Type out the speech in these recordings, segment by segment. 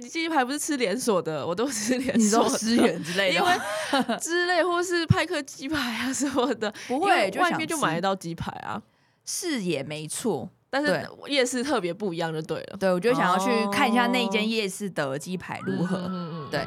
雞排不是吃連鎖的，我都吃連鎖資源之類的，因為 之類或是派克雞排啊什麼的，不會，外面就買得到雞排啊，是也沒錯，但是夜市特別不一樣，就對了。對，我就想要去看一下那間夜市的雞排如何。嗯嗯嗯對。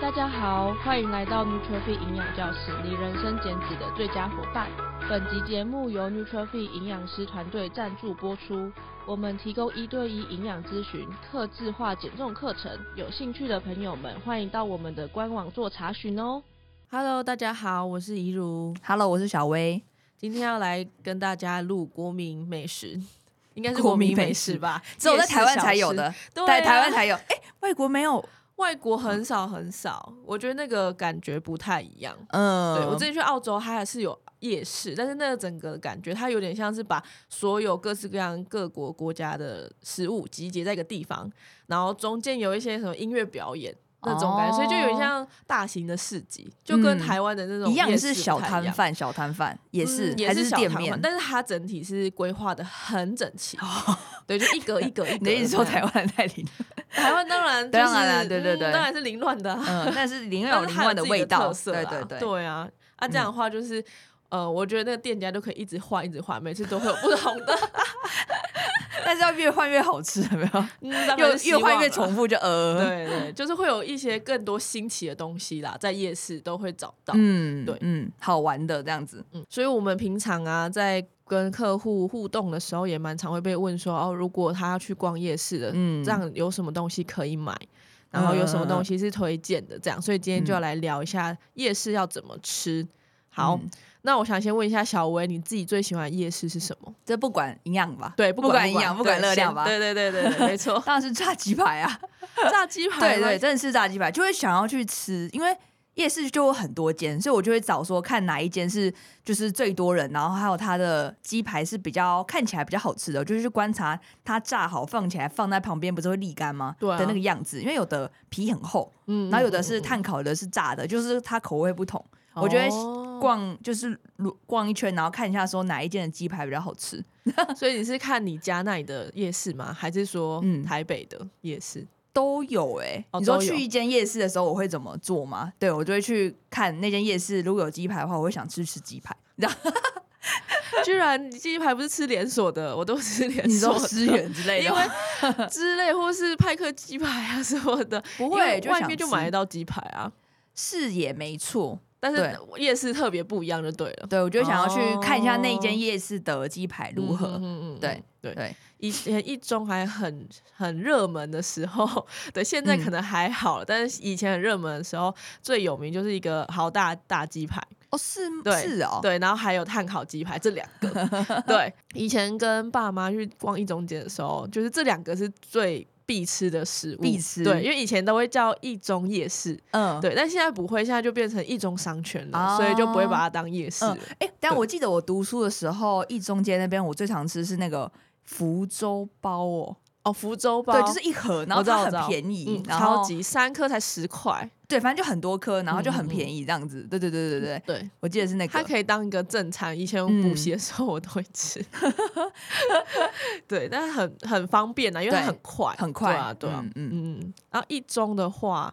大家好，歡迎來到 Nuture Fit 營養教室，你人生減脂的最佳夥伴。本集節目由 Nuture Fit 營養師團隊贊助播出。我們提供一對一營養諮詢、特制化減重課程。有興趣的朋友們，歡迎到我們的官網做查詢哦。Hello，大家好，我是怡如。Hello，我是小薇。今天要來跟大家錄國民美食， 應該是國民美食吧？夜市小吃，只有在台灣才有的，對，台灣才有。哎、欸，外國沒有。外國很少很少，嗯、我覺得那個感覺不太一樣。嗯，對，我之前去澳洲，它還是有夜市，但是那個整個感覺，它有點像是把所有各式各樣各國國家的食物集結在一個地方，然後中間有一些什麼音樂表演那種感覺，哦、所以就有點像大型的市集，就跟台灣的那種夜市一樣、嗯、一樣是小攤販，小攤販，也是，還是店面、嗯、也是小攤販，但是它整體是規劃得很整齊，哦、對，就一格一格一格的。你一直說台灣太靈。 但 台灣當然，就是、嗯啊，對對對，當然是凌亂的、啊嗯，但是凌亂有凌亂的味道，特色對對對，對啊，那、啊、這樣的話就是。嗯呃，我覺得那個店家都可以一直換，一直換，每次都會有不同的， 但是要越換越好吃，沒 有？越換越重複就呃， 對對，對，就是會有一些更多新奇的東西啦，在夜市都會找到，嗯，對，嗯，好玩的這樣子，嗯，所以我們平常啊，在跟客戶互動的時候，也蠻常會被問說，哦，如果他要去逛夜市的，嗯，這樣有什麼東西可以買？然後有什麼東西是推薦的？這樣，所以今天就要來聊一下夜市要怎麼吃，好。嗯那我想先問一下小薇，你自己最喜歡夜市是什麼？這不管營養吧，對，不管營養，不管熱量吧，對對對對對，沒錯，當然是炸雞排啊！炸雞排，對對，真的是炸雞排，就會想要去吃，因為夜市就有很多間，所以我就會找說看哪一間是就是最多人，然後還有它的雞排是比較看起來比較好吃的，就是去觀察它炸好放起來放在旁邊不是會瀝乾嗎？對的那個樣子，因為有的皮很厚，嗯，然後有的是炭烤的，是炸的，就是它口味不同，我覺得。逛就是逛一圈，然後看一下說哪一間的雞排比較好吃。 所以你是看你家那裡的夜市嗎？還是說台北的夜市？嗯、都有、欸？哎、哦，你說去一間夜市的時候，我會怎麼做嗎？有對，我就會去看那間夜市。如果有雞排的話，我會想吃吃雞排。 你知道居然雞排不是吃連鎖的，我都吃連鎖、你思源之類的， 因為之類或是派克雞排啊什麼的，不會、欸，外面就買得到雞排啊。是也沒錯。但是夜市特別不一樣，就對了。對，我就想要去看一下那一間夜市的雞排如何。對對、嗯嗯嗯、對，對對以前一中還很很熱門的時候，對，現在可能還好，嗯、但是以前很熱門的時候，最有名就是一個豪大大雞排。哦，是嗎？對是哦，對，然後還有碳烤雞排這兩個。對， 以前跟爸媽去逛一中街的時候，就是這兩個是最。必吃的食物，必吃。對，因為以前都會叫一中夜市，嗯，對，但現在不會，現在就變成一中商圈了，哦、所以就不會把它當夜市。哎、嗯，但、欸、對，我記得我讀書的時候，一中街那邊我最常吃是那個福州包哦。哦、福州包，對，就是一盒，然後就很便宜，嗯、然後超級三顆才十塊，嗯、十塊對，反正就很多顆，然後就很便宜、嗯、這樣子，對對對對對對，我記得是那個，它可以當一個正餐，以前補習的時候我都會吃，嗯、 對，但是很很方便啊，因為它很快，很快啊，對啊，嗯嗯嗯，嗯然後一中的話，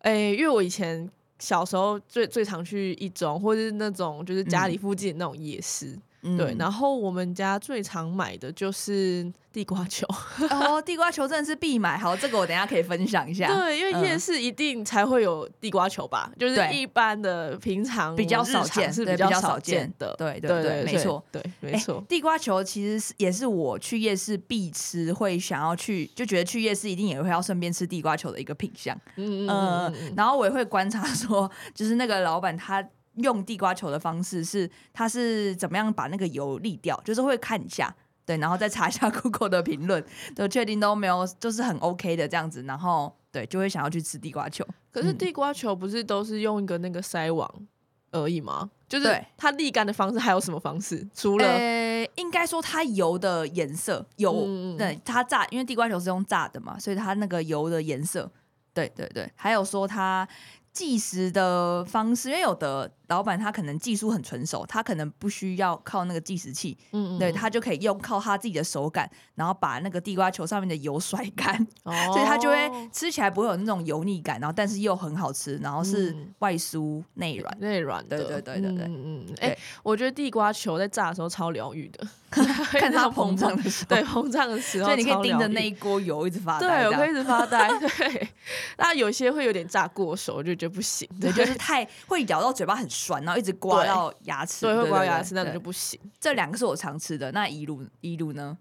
哎，因為我以前小時候最最常去一中，或是那種就是家裡附近那種夜市。嗯嗯、對，然後我們家最常買的就是地瓜球 哦，地瓜球真的是必買。好，這個我等一下可以分享一下。對，因為夜市一定才會有地瓜球吧？嗯、就是一般的平常，常比較少見，是比較少見的。對對對，沒錯，對沒錯，欸。地瓜球其實是也是我去夜市必吃，會想要去就覺得去夜市一定也會要順便吃地瓜球的一個品項。嗯、呃、然後我也會觀察說，就是那個老闆他。用地瓜球的方式是，他是怎麼樣把那個油瀝掉？就是會看一下，對，然後再查一下 Google 的評論，都確 定都沒有，就是很 OK 的這樣子。然後，對，就會想要去吃地瓜球。可是地瓜球不是都是用一個那個篩網而已嗎？嗯、就是它瀝乾的方式還有什麼方式？對除了、欸，應該說它油的顏色油，嗯嗯對，它炸，因為地瓜球是用炸的嘛，所以它那個油的顏色，對對對。還有說它計時的方式，因為有的。老闆他可能技術很純熟，他可能不需要靠那個計時器，嗯對，他就可以用靠他自己的手感，然後把那個地瓜球上面的油甩乾，所以他就會吃起來不會有那種油膩感，然後但是又很好吃，然後是外酥內軟，內軟，對對對對對，嗯哎，我覺得地瓜球在炸的時候超療癒的，看它膨脹的時候，對膨脹的時候，所以你可以盯着那一鍋油一直發呆，對，我可以一直發呆，對。那有些會有點炸過熟，就覺得不行，對，就是太會咬到嘴巴很。酸，然後一直刮到牙齒，所以對會到刮牙齒，那種就不行。對這兩個是我常吃的。那一路一路呢，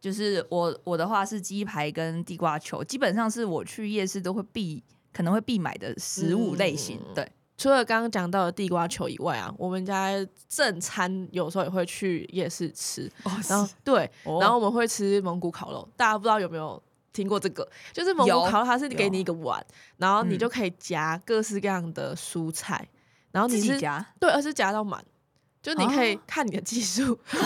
就是我我的話是雞排跟地瓜球，基本上是我去夜市都會必可能會必買的食物類型。嗯、對，除了剛剛講到的地瓜球以外啊，我們家正餐有時候也會去夜市吃。哦、然後是對，哦、然後我們會吃蒙古烤肉。大家不知道有沒有聽過這個？就是蒙古烤肉，它是給你一個碗，然後你就可以夾各式各樣的蔬菜。嗯然後你是夾，對，而是夾到滿。就你可以看你的技術，真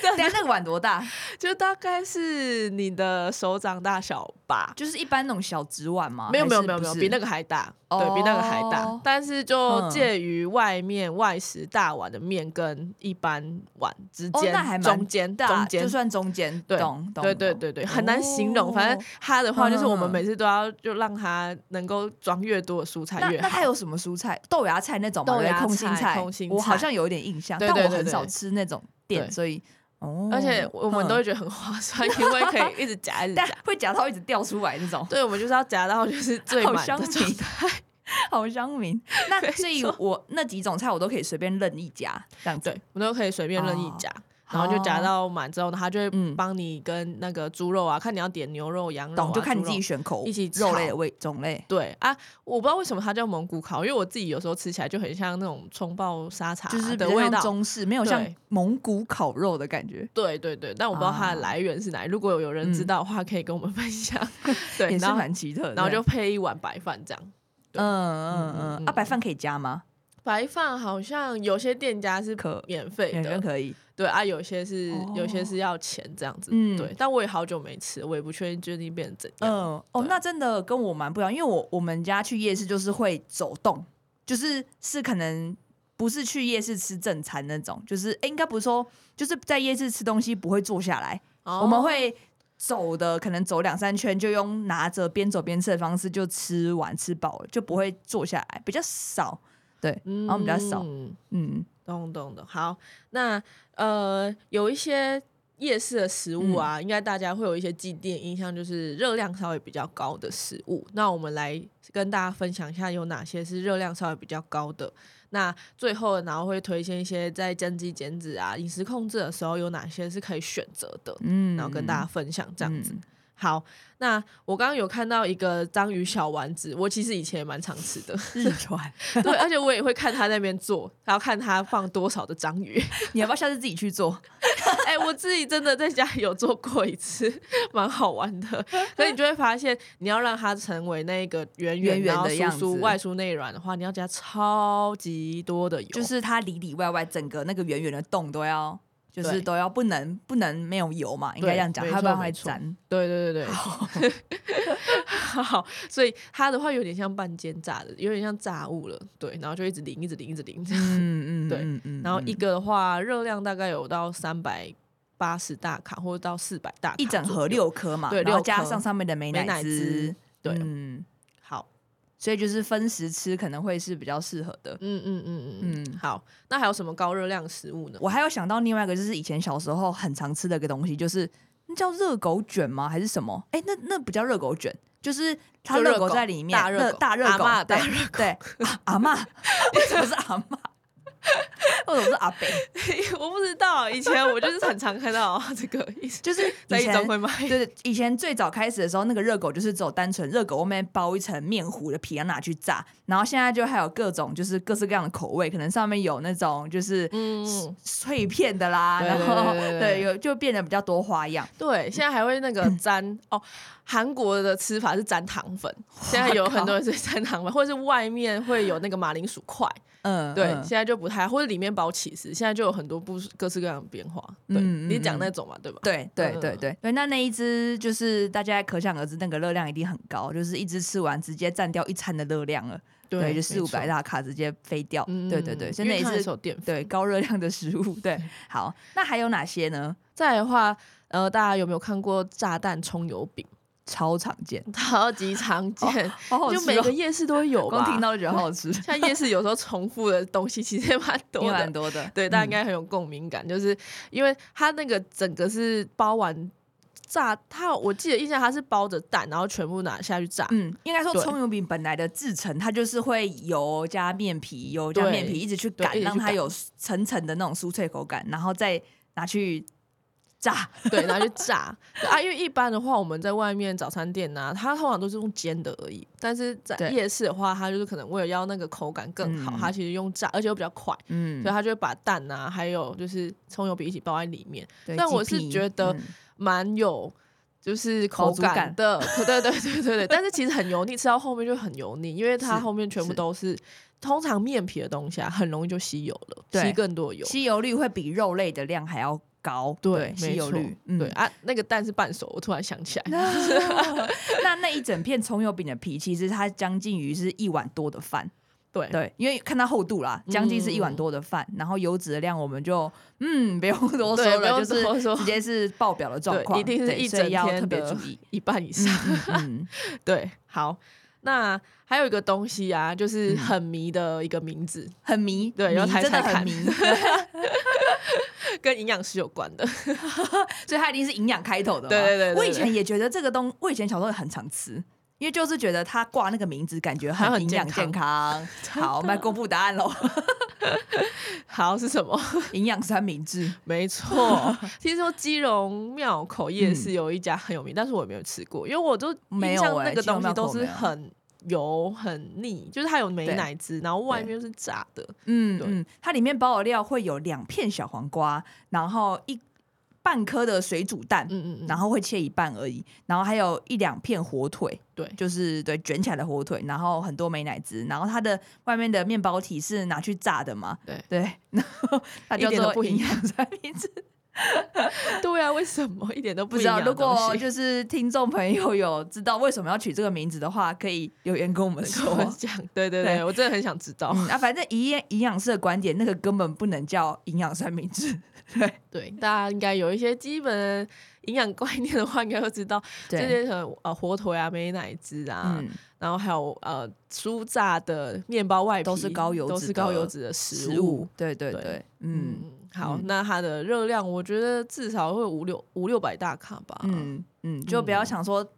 的？等一下，那個碗多大？就大概是你的手掌大小吧，就是一般那種小紙碗嘛。沒有沒有沒有沒有，比那個還大，對，比那個還大。但是就介於外面外食大碗的麵跟一般碗之間，中間大，中間，就算中間，對，對對對對，很難形容。反正他的話就是我們每次都要就讓他能夠裝越多的蔬菜越。那他還有什麼蔬菜？豆芽菜那種嗎？空心菜，我好像有點。對對對，很少吃那種店，對對對對，所以，哦、而且我們都會覺得很划算， 因為可以一直夾， 一直夾，但會夾到一直掉出來那種。對，我們就是要夾到就是最滿的狀態好香明。 香名 那錯所以我，我那幾種菜我都可以隨便任意夾，這樣對，我都可以隨便任意夾。哦然後就夾到滿之後呢，他就會幫你跟那個豬肉啊，看你要點牛肉、羊肉，就看你自己選口味，一起肉類的味種類。對啊，我不知道為什麼它叫蒙古烤，因為我自己有時候吃起來就很像那種蔥爆沙茶的味道。中式，沒有像蒙古烤肉的感覺。對對對，但我不知道它的來源是哪裡？如果有人知道的話，可以跟我們分享。對，也是很奇特。然後就配一碗白飯這樣。嗯嗯嗯，啊，白飯可以加嗎？白飯好像有些店家是可免費的。可以。對啊，有些是、哦、有些是要錢這樣子，對。嗯、但我也好久沒吃，我也不確定究竟變成怎樣。嗯、呃，對哦，那真的跟我蠻不一樣，因為我我們家去夜市就是會走動，就是是可能不是去夜市吃正餐那種，就是、欸、應該不是說就是在夜市吃東西不會坐下來，哦、我們會走的，可能走兩三圈就用拿着邊走邊吃的方式就吃完吃飽了，就不會坐下來，比較少。對，嗯、然後我們比較少，嗯，懂懂懂。好，那呃，有一些夜市的食物啊，嗯、應該大家會有一些既定印象，就是熱量稍微比較高的食物。那我們來跟大家分享一下有哪些是熱量稍微比較高的。那最後，然後會推薦一些在增肌減脂啊、飲食控制的時候有哪些是可以選擇的，嗯、然後跟大家分享這樣子。嗯嗯好，那我剛剛有看到一個章魚小丸子，我其實以前也蠻常吃的、嗯、 對，而且我也會看他那邊做，然後看他放多少的章魚。你要不要下次自己去做？哎、 欸，我自己真的在家有做過一次，蠻好玩的。所以你就會發現，你要讓它成為那個圓圓、圓、圓、圓的樣子，酥酥外酥內軟的話，你要加超級多的油，就是它裡裡外外整個那個圓圓的洞都要。就是都要，不能不能沒有油嘛，應該這樣講，它會不會粘？對對對對，好，所以它的話有點像半煎炸的，有點像炸物了。對，然後就一直淋，一直淋，一直淋。嗯嗯，對。然後一個的話，熱量大概有到三百八十大卡，或者到四百大卡，一整盒六顆嘛，對，六顆，然後加上上面的美乃滋，對。所以就是分時吃可能會是比較適合的。嗯嗯嗯嗯嗯。好，那還有什麼高熱量食物呢？我還有想到另外一個，就是以前小時候很常吃的一個東西，就是那叫熱狗捲嗎？還是什麼？哎、欸，那那不叫熱狗捲，就是它熱狗，狗在裡面，大熱狗，大狗阿嬤。對對、啊、阿嬤， 為什麼是阿嬤？或者不是阿北， 我不知道。以前我就是很常看到這個意思，就是以前會對，以前最早開始的時候，那個熱狗就是走單純熱狗外面包一層麵糊的皮，然後拿去炸。然後現在就還有各種就是各式各樣的口味，可能上面有那種就是碎片的啦。嗯、然後對，對，對，對，對，有就變得比較多花樣。對，現在還會那個沾、嗯、哦。韓國的吃法是沾糖粉，現在有很多人是沾糖粉，或者是外面會有那個馬鈴薯塊，嗯，對，現在就不太，或者裡面包起司，現在就有很多不各式各樣的變化。對，你講那種嘛，對吧？對對對對，那那一只就是大家可想而知，那個熱量一定很高，就是一只吃完直接占掉一餐的熱量了，對，就四五百大卡直接飛掉。對對對，因為是有澱粉，對高熱量的食物。對，好，那還有哪些呢？再來的話，呃，大家有沒有看過炸彈蔥油餅？超常見，超級常見， 哦哦、就每個夜市都有吧。 光聽到就覺得好吃。 像夜市有時候重複的東西其實也蠻多的，蠻多的。對，大家應該很有共鳴感，嗯、就是因為它那個整個是包完炸，它我記得印象它是包着蛋，然後全部拿下去炸。嗯，應該說蔥油餅本來的製程，它就是會油加麵皮，油加麵皮一直去擀，讓它有層層的那種酥脆口感，然後再拿去炸，對，然後就炸啊！因為一般的話，我們在外面早餐店啊，它通常都是用煎的而已。但是在夜市的話，它就是可能為了要那個口感更好，它其實用炸，而且又比較快。嗯，所以它就會把蛋吶，還有就是蔥油餅一起包在裡面。但我是覺得蠻有就是口感的，對對對對對。但是其實很油膩，吃到後面就很油膩，因為它後面全部都是通常麵皮的東西啊，很容易就吸油了，吸更多油，吸油率會比肉類的量還要。高對，沒有率對啊，那個蛋是半熟，我突然想起來。那那一整片蔥油餅的皮，其實它將近於是一碗多的飯。對對，因為看它厚度啦，將近是一碗多的飯。然後油脂的量，我們就嗯，不用多說了，就是直接是爆表的狀況，一定是一整天的，所以要特別注意，一半以上。對，好，那還有一個東西啊，就是很迷的一個名字，很迷，對，要猜猜看，真的很迷。跟營養師有關的， 所以它一定是營養開頭的。對對對，我以前也覺得這個東，我以前小時候也很常吃，因為就是覺得它掛那個名字，感覺它很營養健康。好，我們來公布答案嘍。 好，是什麼？營養三明治。沒錯，聽說基隆廟口夜市有一家很有名，嗯、但是我沒有吃過，因為我就印象那個東西都是很。油很膩，就是它有美乃滋，對然後外面是炸的，對對嗯嗯，它裡面包的料會有兩片小黃瓜，然後一半顆的水煮蛋，嗯，嗯嗯，然後會切一半而已，然後還有一兩片火腿，對，就是對卷起來的火腿，然後很多美乃滋，然後它的外面的麵包體是拿去炸的嘛，對對，然後 它就做 一點都不營養，三明治。為什麼一點都不？不知道。如果就是聽眾朋友有知道為什麼要取這個名字的話，可以留言跟我們說我們講對對對，對我真的很想知道。嗯、啊，反正以營養師的觀點，那個根本不能叫營養三明治。對對，大家應該有一些基本。營養觀念的話，應該都知道這些，對呃，火腿啊、美乃滋啊，嗯、然後還有呃，酥炸的麵包外皮都是高油脂，都是高油脂的食物。食物對對對，對對嗯，嗯，好，嗯、那它的熱量，我覺得至少會五六五六百大卡吧。嗯嗯，嗯就不要想說。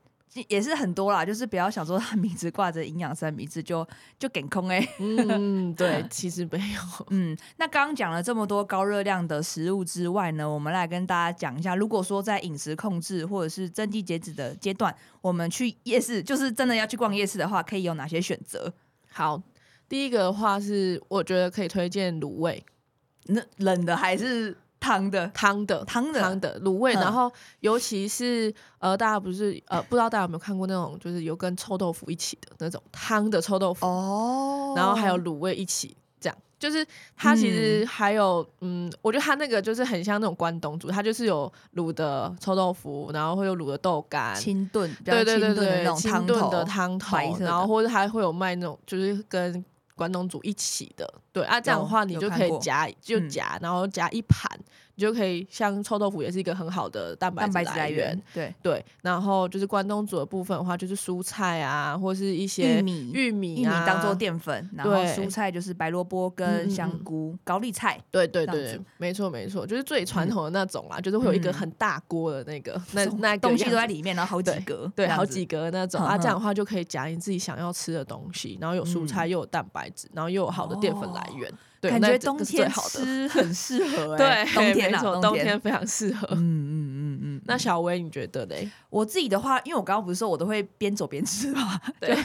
也是很多啦，就是不要想說它名字掛着營養三明治就就給空哎。嗯，對， 其實沒有。嗯，那剛剛講了這麼多高熱量的食物之外呢，我們來，來跟大家講一下，如果說在飲食控制或者是增肌減脂的階段，我們去夜市，就是真的要去逛夜市的話，可以有哪些選擇？好，第一個的話是，我覺得可以推薦滷味，那冷的還是。湯的湯的湯的湯的滷味，然後尤其是呃，大家不是呃，不知道大家有沒有看過那種，就是有跟臭豆腐一起的那種湯的臭豆腐哦，然後還有滷味一起這樣，就是它其實還有嗯，嗯，我覺得它那個就是很像那種關東煮，它就是有滷的臭豆腐，然後會有滷的豆乾清燉，對對對對，清燉的湯頭，然後或者還會有賣那種就是跟關東煮一起的。對啊，這樣的話你就可以夾就夾，然後夾一盤，你就可以像臭豆腐也是一個很好的蛋白蛋白質來源。對對，然後就是關東煮的部分的話，就是蔬菜啊，或是一些玉米玉米玉米當做澱粉，然後蔬菜就是白蘿蔔跟香菇、高麗菜。對對對，沒錯沒錯，就是最傳統的那種啦，就是會有一個很大鍋的那個，那那東西都在裡面，然後好幾格對好幾格那種啊，這樣的話就可以夾你自己想要吃的東西，然後有蔬菜又有蛋白質，然後又有好的澱粉來源。對，感覺冬天吃很適合，欸，對，欸、冬天啊，沒錯，冬天，冬天非常適合。嗯嗯嗯嗯，嗯嗯嗯，那小薇你覺得呢？我自己的話，因為我剛剛不是說我都會邊走邊吃嘛，對，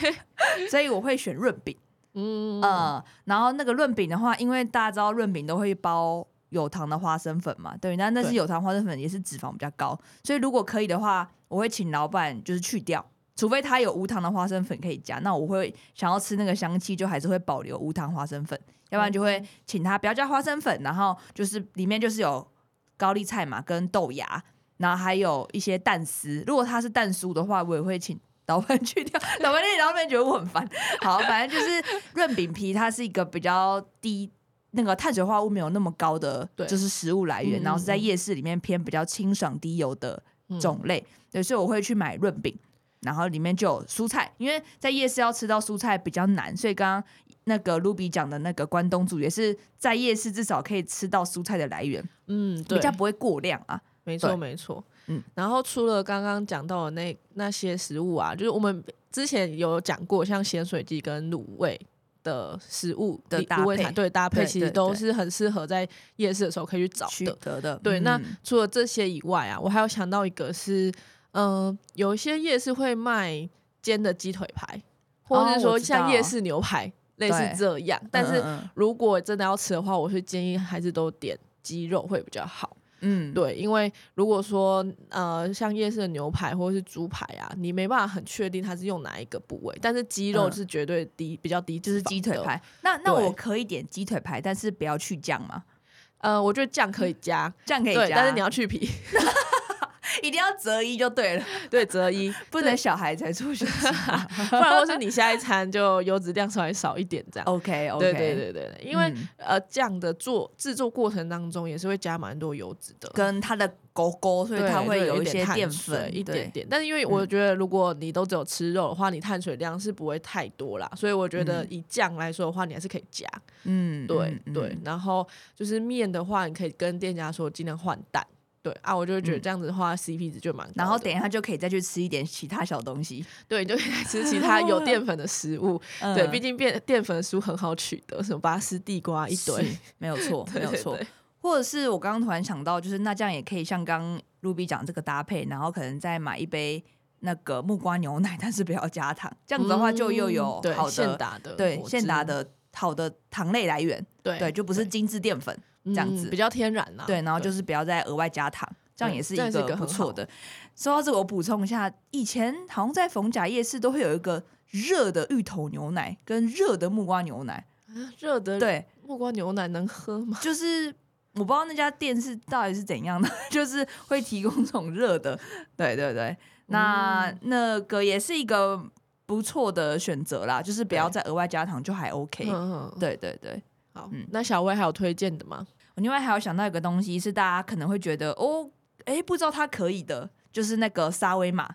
所以我會選潤餅，嗯嗯、呃，然後那個潤餅的話，因為大家知道潤餅都會包有糖的花生粉嘛，對，那那是有糖花生粉也是脂肪比較高，所以如果可以的話，我會請老闆就是去掉。除非他有無糖的花生粉可以加，那我會想要吃那個香氣，就還是會保留無糖花生粉，嗯、要不然就會請他不要加花生粉，然後就是裡面就是有高麗菜嘛，跟豆芽，然後還有一些蛋絲。如果他是蛋酥的話，我也會請老板去掉，老板 你老板覺得我很煩。好，反正就是潤餅皮，它是一個比較低那個碳水化合物沒有那麼高的就是食物來源，對然後是在夜市裡面偏比較清爽低油的種類，對，所以我會去買潤餅。然後裡面就有蔬菜，因為在夜市要吃到蔬菜比較難，所以剛剛那個露比講的那個關東煮也是在夜市至少可以吃到蔬菜的來源，嗯，對，比較不會過量啊，沒錯沒錯，對沒錯嗯。然後除了剛剛講到的那那些食物啊，就是我們之前有講過，像鹹水雞跟滷味的食物的搭配對搭配，搭配搭配其實都是很適合在夜市的時候可以去找取得的。對，嗯、那除了這些以外啊，我還有想到一個是。嗯、呃，有些夜市會賣煎的雞腿排，或者是說像夜市牛排、哦、類似這樣。對但是，如果真的要吃的話，我是建議還是都點雞肉會比較好。嗯，對，因為如果說呃，像夜市的牛排或者是豬排啊，你沒辦法很確定它是用哪一個部位。但是雞肉是絕對低、嗯、比較低，就是雞腿排。對那那我可以點雞腿排，但是不要去醬嗎？呃，我覺得醬可以加，醬可以加，對，但是你要去皮。 一定要擇一就對了。 對，對擇一不能小孩才出去吃，啊， 不然或是你下一餐就油脂量稍微少一點這樣。OK OK 對對對對，因為、嗯、呃醬的做制作過程當中也是會加蠻多油脂的，跟它的勾勾，所以它會有一些澱粉一點點。但是因為我覺得如果你都只有吃肉的話，你碳水量是不會太多啦，所以我覺得以醬來說的話，你還是可以加。嗯，對嗯嗯對，然後就是麵的話，你可以跟店家說儘量換蛋。對啊，我就覺得這樣子的話，CP 值就蠻，嗯。然後等一下就可以再去吃一點其他小東西，對，就可以吃其他有澱粉的食物。啊、對，畢、嗯、竟澱澱粉物很好取得，什麼拔絲地瓜一堆，沒有錯，沒有錯。或者是我剛剛突然想到，就是那這樣也可以像剛 Ruby 講這個搭配，然後可能再買一杯那個木瓜牛奶，但是不要加糖。這樣子的話就又有好現打的，嗯、的對，現打的。對好的糖類來源，對，對就不是精緻澱粉這樣子，嗯，比較天然啊。對，然後就是不要再額外加糖，對這樣也是一個不錯、嗯、的、的。說到這個，我補充一下，以前好像在逢甲夜市都會有一個熱的芋頭牛奶跟熱的木瓜牛奶，熱、啊、的對木瓜牛奶能喝嗎？就是我不知道那家店是到底是怎樣的，就是會提供這種熱的，對對對，嗯、那那個也是一個。不錯的選擇啦，就是不要再額外加糖就還 OK 對。對對對，好。嗯，那小薇還有推薦的嗎？我另外還有想到一個東西，是大家可能會覺得哦，哎，不知道它可以的，就是那個沙威瑪。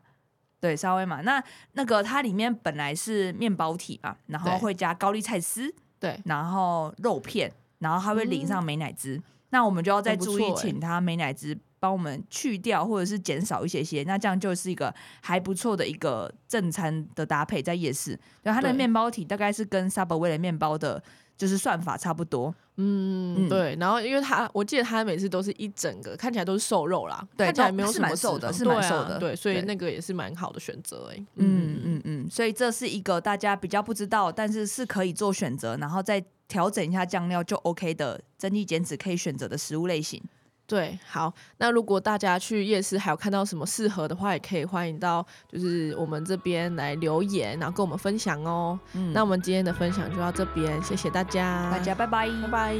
對，沙威瑪。那那個它裡面本來是麵包體嘛，然後會加高麗菜絲，對，然後肉片，然後還會淋上美乃滋。嗯、那我們就要再注意、欸，請他美乃滋，幫我們去掉或者是減少一些些，那這樣就是一個還不錯的一個正餐的搭配，在夜市。然後它的麵包體大概是跟 Subway 的麵包的，就是算法差不多。嗯，嗯對。然後因為它，我記得它每次都是一整個，看起來都是瘦肉啦。對，看起來是蠻瘦的，是蠻瘦的。對，所以那個也是蠻好的選擇誒、欸。嗯對嗯嗯，所以這是一個大家比較不知道，但是是可以做選擇，然後再調整一下醬料就 OK 的增肌減脂可以選擇的食物類型。對，好，那如果大家去夜市還有看到什麼適合的話，也可以歡迎到就是我們這邊來留言，然後跟我們分享哦。嗯，那我們今天的分享就到這邊，謝謝大家，大家拜拜，拜拜。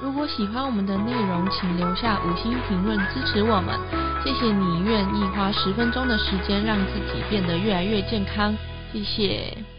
如果喜歡我們的內容，請留下五星評論支持我們，謝謝你願意花十分鐘的時間讓自己變得越來越健康，謝謝。